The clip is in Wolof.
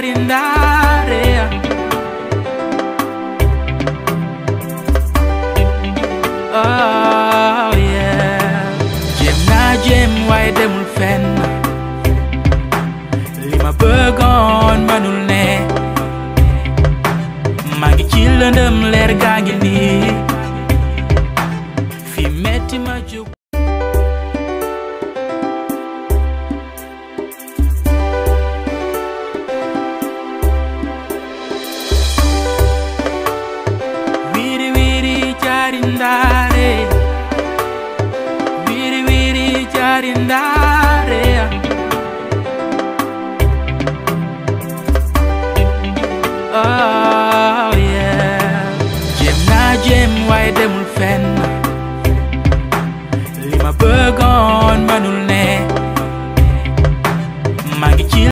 gari ndare oh yeah jéem naa jéem waaye li ma bëggoon mënul ne maa ngi lëndëm leer gaa fi metti ma jóg gari ndare oh yeah jéem naa jéem waaye demul fenn li ma bëggoon mënul